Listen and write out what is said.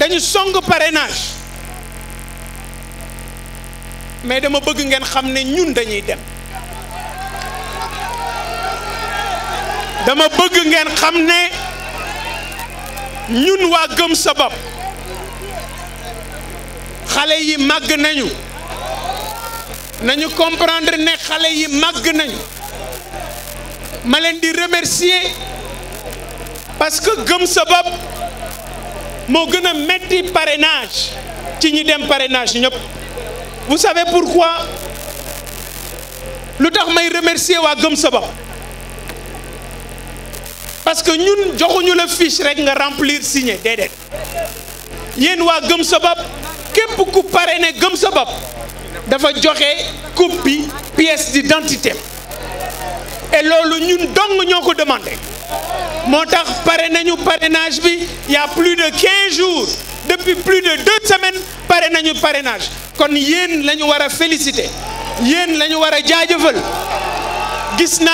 dañu song parrainage mais dama bëgg ngeen xam ne ñun dañuy dem dama bëgg ngeen xam ne ñun waa gëm sa bopp xale yi màgg nañu nañu comprendre ne xale yi màgg nañu ma leen di remercier parce que gëm sa moo gën metti parrainage ci ñi dem parrainage vous savez pourquoi lu tax may remercier Wa gëm parce que ñun joxuñu le fiche rek nga remplir signer déedéet yéen Wa gëm sa bopp beaucoup ku parrainé gëm sa dafa copie pièce d'identité et loolu ñun dong ñoko demandé moo parrainage bi y a plus de 15 jours depuis plus de deux semaines paré nañu parrainage kon yeen lañu wara féliciter gis